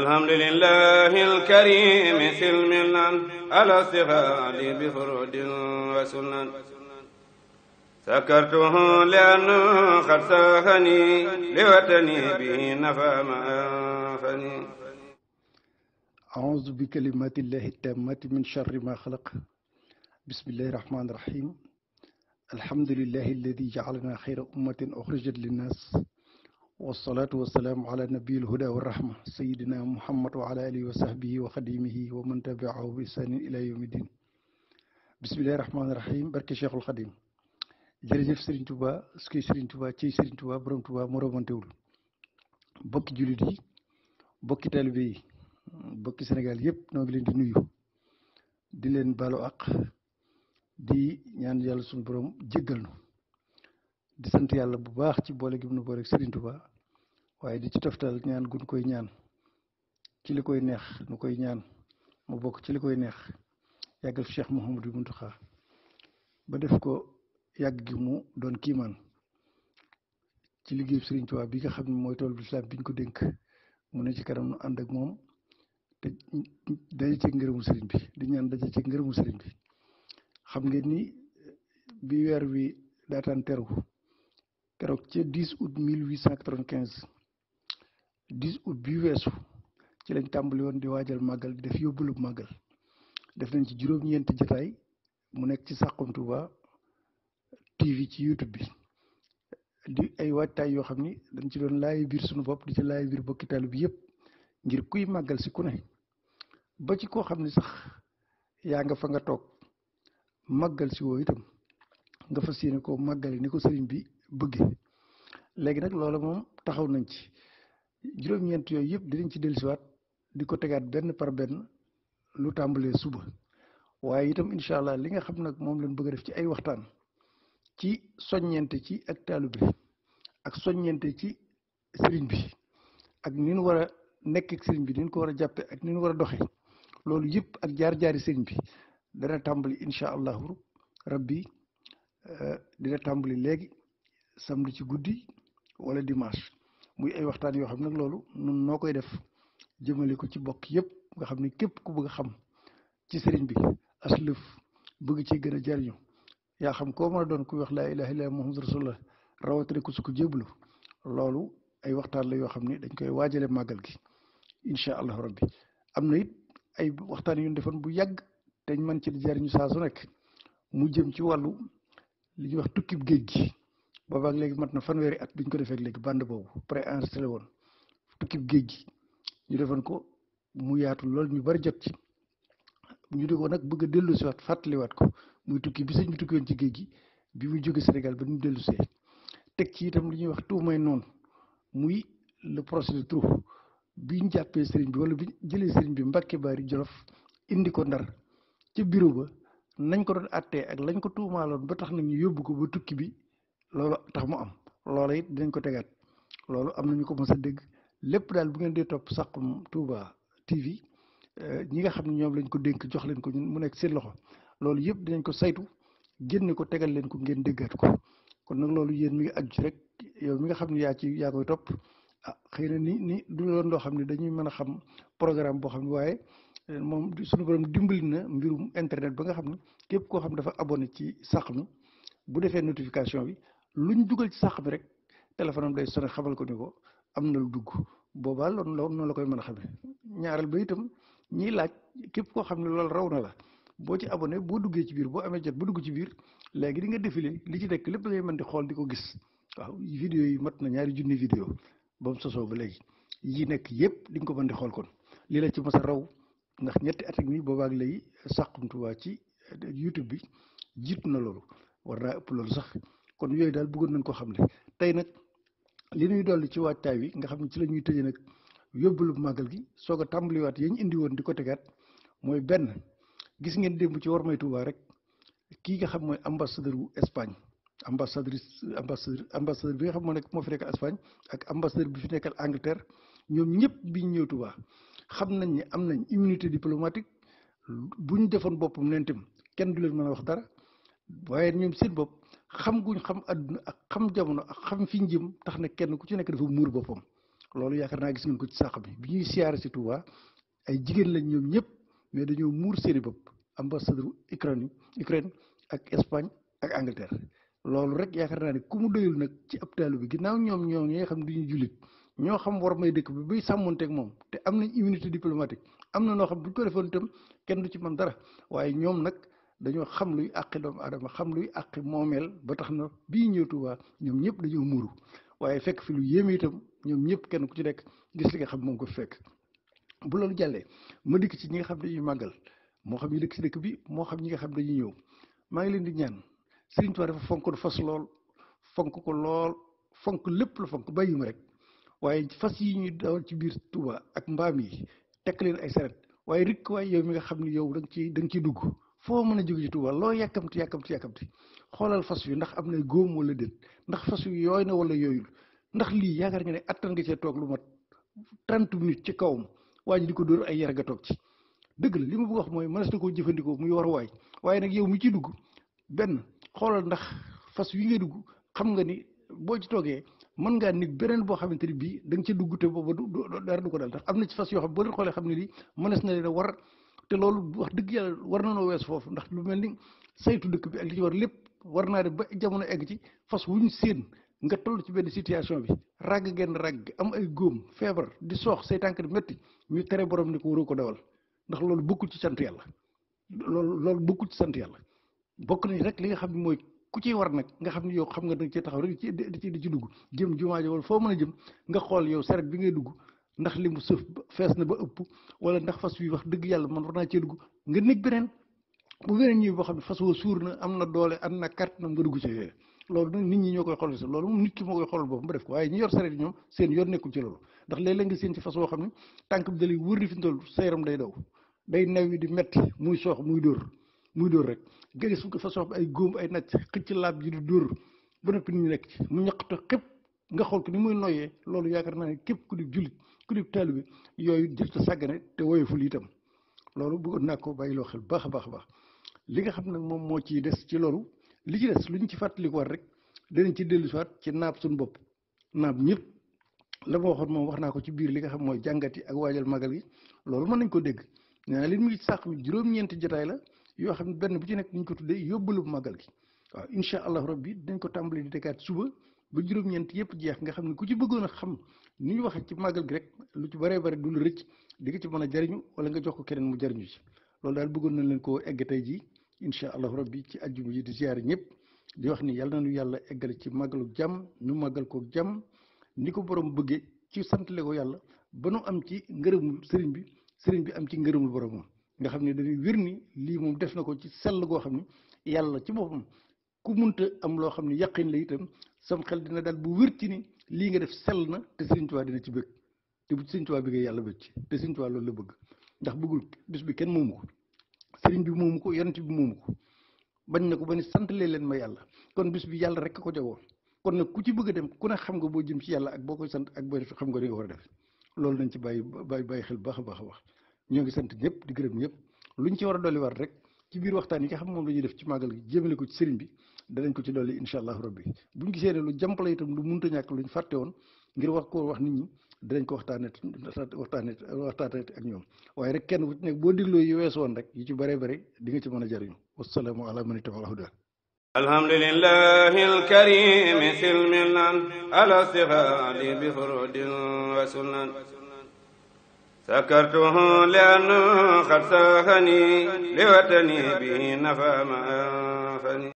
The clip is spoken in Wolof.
الحمد لله الكريم سلم على استفاد بفرود وسنن سكرته لأنه قد ساخني لوطني به نفى ما أنفني أعوذ بكلمات الله التامة من شر ما خلق بسم الله الرحمن الرحيم الحمد لله الذي جعلنا خير أمة أخرجت للناس wasalaatu wasalaamu ala nabiil huda wa rahma sayidina muhammad wa ala alihi wa sahbihi wa xadimihi wa man tabiahu bi isanin ila yawmi din bismillahi rahmaani rahim barke cheikhul xadim jërëjëf Serigne Touba ski Serigne Touba ci Serigne Touba borom Touba moo romantewul bokki jullit yi bokki taalibe yi bokki Sénégal yëpp noo ngi leen di nuyu di leen baalu àq di ñaan yàlla suñu borom jéggal nu di sant yàlla bu baax ci boole gi mu nu booleeg Serigne Touba waaye di ci toftal ñaan gun koy ñaan ci li koy neex nu koy ñaan mu bokk ci li koy neex yàggal Cheikh Mouhamadou Mountakha ba def ko yàgg gi mu doon kiimaan ci liggéey Serigne Touba bi nga xam ne mooy tool bi islam biñ ko dénk mu ne ci kanam nu ànd ak moom te daje ci ngërëmu Serigne bi di ñaan daje ci ngërëmu Serigne bi xam ngeen ni bi weer wi daataan teru keroog ca 10 août 1895 10 août bi weesu ci lañ tàmbali woon di waajal màggal di def yóbbulub màggal def nañ ci juróom-ñeenti jotaay mu nekk ci Saxum Touba TV ci YouTube bi di ay waajtaay yoo xam ni dañ ci doon laaj biir suñu bopp di ci laaj biir bokki taalib bi yëpp ngir kuy màggal si ku ne ba ci koo xam ni sax yaa nga fa nga toog màggal si woo itam nga fas yéene ko màggale ni ko sëriñ bi bëgg léegi nag loolu moom taxaw nañ ci juróom-ñeent yooyu yëpp dinañ ci dellusiwaat di ko tegaat benn par benn lu tàmbalee suba waaye itam incha allah li nga xam nag moom lañ bëgg a def ci ay waxtaan ci soññente ci ak taalibe ak soññente ci sëriñ bi ak ni ñu war a nekk ak sëriñ bi ni ko war a jàppe ak ni ñu war a doxe loolu yëpp ak jaar-jaari sëriñ bi dana tàmbali incha allahu rabbi euh, dina tàmbali léegi samedi ci guddi wala dimanche muy ay waxtaan yoo xam nag loolu nun noo koy def jëmale ko ci bokk yëpp nga xam ne képp ku bëgg a xam ci sëriñ bi aslëf bëgg ci gën a jariñu yaa xam ko mën doon kuy wax laa ilaha illa muhammadu rasulullah rawatina ku su ko jébbalu loolu ay waxtaan la yoo xam ne dañ koy waajale màggal gi incha allahu rabbi am na it ay waxtaan yu ñu defoon bu yàgg dañ man ci jariñu saa su nekk mu jëm ci wàllu li ñuy wax tukkib géej gi boobaak léegi mat na fanweeri at biñ ko defeek léegi bande boobu pré enregistré woon tukkib géej gi ñu defoon ko mu yaatu lool ñu bari jot ci ñu di ko nag bëgg a dellu si waat fàttaliwaat ko muy tukki bi sëñ bi tukki woon ci géej gi bi muy jóge Sénégal ba ñu dellu see teg ci itam lu ñuy wax tuumay noonu muy le procès de trou bi ñu jàppee sëriñ bi wala bi jëlee sëriñ bi Mbàkke Baari Jolof indi ko Ndar ca bureau ba nañ ko doon àttee ak lañ ko tuumaaloon ba tax nag ñu yóbbu ko ba tukki bi loolu tax mu am loola it dinañ ko tegaat loolu am nañu ko mos a dégg lépp daal bu ngeen dee topp Saxum Touba TV eh, ñi nga xam ne ñoom lañ ko dénk jox leen ko ñun mu nekk seen loxo loolu yëpp dinañ ko saytu génne ko tegal leen ko ngeen déggaat ko kon nag loolu yéen mi ngi aju rek yow mi nga xam ne yaa ci yaa koy topp ah xëy na ni ni du loon loo xam ne dañuy mën a xam programme boo xam ne waaye eh, moom suñu borom dimbali na mbirum internet ba nga xam ne képp koo xam dafa abonné ci Saxum bu defee notification bi lu ñu dugal ci sàq bi rek téléphone day sonné xamal ko ni ko am na lu dugg boobaa loolu noonu la koy mën a xamee ñaareel ba itam ñii laaj képp koo xam ne loolu raw na la boo ci abonné boo duggee ci biir boo amee jot bu dugg ci biir léegi di nga défilé li ci nekk lépp ngay mën di xool di ko gis waaw vidéo yi mat na ñaari junni vidéo ba mu sosoo ba léegi yi nekk yëpp di nga ko mën di xool kon lii ci mos a raw ndax ñetti at ak nii boobaag léegi Saxum Touba ci YouTube bi jiitu na loolu war naa ëpp loolu sax kon yooyu daal bëggoon nañ ko xam ne tey nag li ñuy dolli ci waajtaay wi nga xam ne ci la ñuy tëjee nag yóbbalu màggal gi soog a tàmbaliwaat yañ indi woon di ko tegaat mooy benn gis ngeen démb ci war may Tuuba rek kii nga xam mooy ambassadeur wu Espagne ambassadrice ambassadeur ambassadeur bi nga xam moo nekk moo fi nekkal Espagne ak ambassadeur bi fi nekkal Angleterre ñoom ñëpp biñ ñëw Tuuba xam nañ ne am nañ immunité diplomatique bu ñu defoon boppam leen tam kenn du leen mën a wax dara waaye ñoom seen bopp xam guñ xam àdduna ak xam jamono ak xam fi ñu jëm tax na kenn ku ci nekk dafa muur boppam loolu yaakaar naa gis ngeen ko ci sàq bi bi ñuy siyaare si Touba ay jigéen lañ ñoom ñëpp mais dañoo muur seeni bopp ambassadeur Ukraine Ukraine ak Espagne ak Angleterre loolu rek yaakaar naa ne ku mu doyul nag ci ab taalu bi ginnaaw ñoom ñoo ñooy xam duñu jullit ñoo xam war may dëkk bi bay sàmmonteeg moom te am nañ immunité diplomatique am na noo xam bu ko defoon itam kenn du ci man dara waaye ñoom nag dañoo xam luy àqi doomu aadama xam luy àqi moomeel ba tax na bii ñëw Tuubaa ñoom ñëpp dañoo muuru waaye fekk fi lu yéeme itam ñoom ñëpp kenn ku ci nekk gis li nga xam moom ko fekk bu loolu jàllee ma dikk ci ñi nga xam dañuy màggal moo xam yi dëkk ci dëkk bi moo xam ñi nga xam dañuy ñëw maa ngi leen di ñaan Sëriñ Tuubaa dafa fonkoon fas lool fonk ko lool fonk lépp la fonk bàyyi ma rek waaye fas yi ñuy dawal ci biir Tuubaa ak mbaam yi tekk leen ay saret waaye rikk waaye yow mi nga xam ni yow da ciy da nga dugg foo mën a jóge ci Touba loo yàkkamti yàkkamti yàkkamti xoolal fas wi ndax am na góom wala déet ndax fas wi yooy na wala yooyul ndax lii yaakaar nga ne attan nga cee toog lu mat trente minutes ci kawam waañ di ko dóor ay yar nga toog ci dëgg la li ma bëgg wax mooy mënees na koo jëfandikoo muy war waay waaye nag yow mi dugg benn xoolal ndax fas wi nga dugg xam nga ni boo ci toogee mën ngaa nit beneen boo xamante ni bii da nga ca dugg te boobu du dara du ko dal ndax am na ci fas yoo xam boo leen xoolee xam ne lii mënees na leen a war te loolu wax dëgg yàlla war nanoo wees foofu ndax lu mel ni saytu dëkk bi ak li ci war lépp war naa def ba jamono egg ci fas wuñ séen nga toll ci benn situation bi ràgg genn ràgg am ay góom feebar di soox say tànk métti ñu tere borom ni ko waroo ko dewal ndax loolu bokkul ci sant yàlla loolu loolu bokkul ci sant yàlla bokk nañ rek li nga xam ne mooy ku ciy war nag nga xam ne yow xam nga da nga cee taxaw rek di ci di ci dugg jëm jumaa ji foo mën a jëm nga xool yow saret bi ngay dugg ndax li mu suuf fees na ba ëpp wala ndax fas wi wax dëgg yàlla man war naa cee dugg nga nekk beneen bu beneen ñii boo xam ne fas woo suur na am na doole am na kart na nga dugg ci loolu nag ñi ñoo koy xool si loolu moom ki moo koy xoolal boppam ba def ko waaye ñi yor sareet ñoom seen yor nekkul ci loolu ndax léeg-léeg nga seen ci fas woo ne tànk di metti muy soox muy dóor muy dóor rek nga gis ko fas woo ay góom ay naj xëcc laab di dóor ba noppi nit ñi nekk ci mu ñaqto xëpp nga xool ni muy noyyee loolu yaakaar naa ne képp ku di jullit kulib taalibe yooyu jëf ta sàggane te woyoful itam loolu bëggoon naa ko bàyyiloo xel baax a baax a baax li nga xam nag moom moo ciy des ci loolu li ci des lu ñu ci fàttalikuwaat rek danañ ci dellusiwaat ci naab suñu bopp naab ñëpp la ma waxoon moom wax naa ko ci biir li nga xam mooy jàngati ak waajal magal gi loolu mën nañ ko dégg nee naa li mu ngi sàq mi juróom-ñeenti jotaay la yoo xam ne benn bu ci nekk ñu ko tuddee yóbbu yóbbalu magal gi waaw incha allah rabbi dañ ko tàmbali di tegaat suba ba juróom-ñeent yëpp jeex nga xam ne ku ci bëggoon a xam ni ñu waxee ci màggal gi rek lu ci baree bare du lu rëcc di nga ci mën a jariñu wala nga jox ko keneen mu jariñu ci loolu daal bëggoon na leen koo egg tey jii incha allahu rabbi ci àjjuma yi di ziare ñëpp di wax ni yàlla na ñu yàlla eggale ci màggalu jàmm ñu màggal ko jàmm ni ko borom bëggee ci santale ko yàlla ba nu am ci ngërëmul sëriñ bi sëriñ bi am ci ngërëmul boromam nga xam ne dañuy wér ni lii moom def na ko ci sell goo xam ne yàlla ci boppam ku munta am loo xam ne yàqin la itam sam xel dina dal bu wér ni lii nga def sell na te Sëriñ Tuubaa dina ci bëgg te bu Sëriñ Tuubaa bëggee yàlla bëgg ci te Sëriñ Tuubaa loolu la bëgg ndax bëggul bis bi kenn moomu ko sëriñ bi moomu ko yonent bi moomu ko bañ na ko ba ni sant leen ma yàlla kon bis bi yàlla rek ko jagoo kon nag ku ci bëgg a dem ku ne xam nga boo jëm ci yàlla ak boo koy sant ak boo def xam nga li war a def loolu nañ ci bàyyi bàyyi bàyyi xel baax a baax a baax ñoo ngi sant ñëpp di gërëm ñëpp luñ ci war a dolli war rek ci biir waxtaan yi nga xam moom la ñuy def ci màggal gi jëmale ko ci sëriñ bi danañ ko ci dolli incha allahu rabbi buñ gisee ne lu jàmp la itam lu munta ñàkk luñ fàtte woon ngir wax ko wax nit ñi dinañ ko waxtaanee waxtaanee waxtaanee ak ñoom waaye rek kenn ku ci nekk boo dégloo yu wees woon rek yu ci bëree bëri di nga ci mën a jariñu wasalaamu ala man ittaba al-huda alhamdulillahi al-karim silmilan ala sihadi bi furudin wa sunan سكرته لأنه قد ساخني لوطني به نفى ما أنفني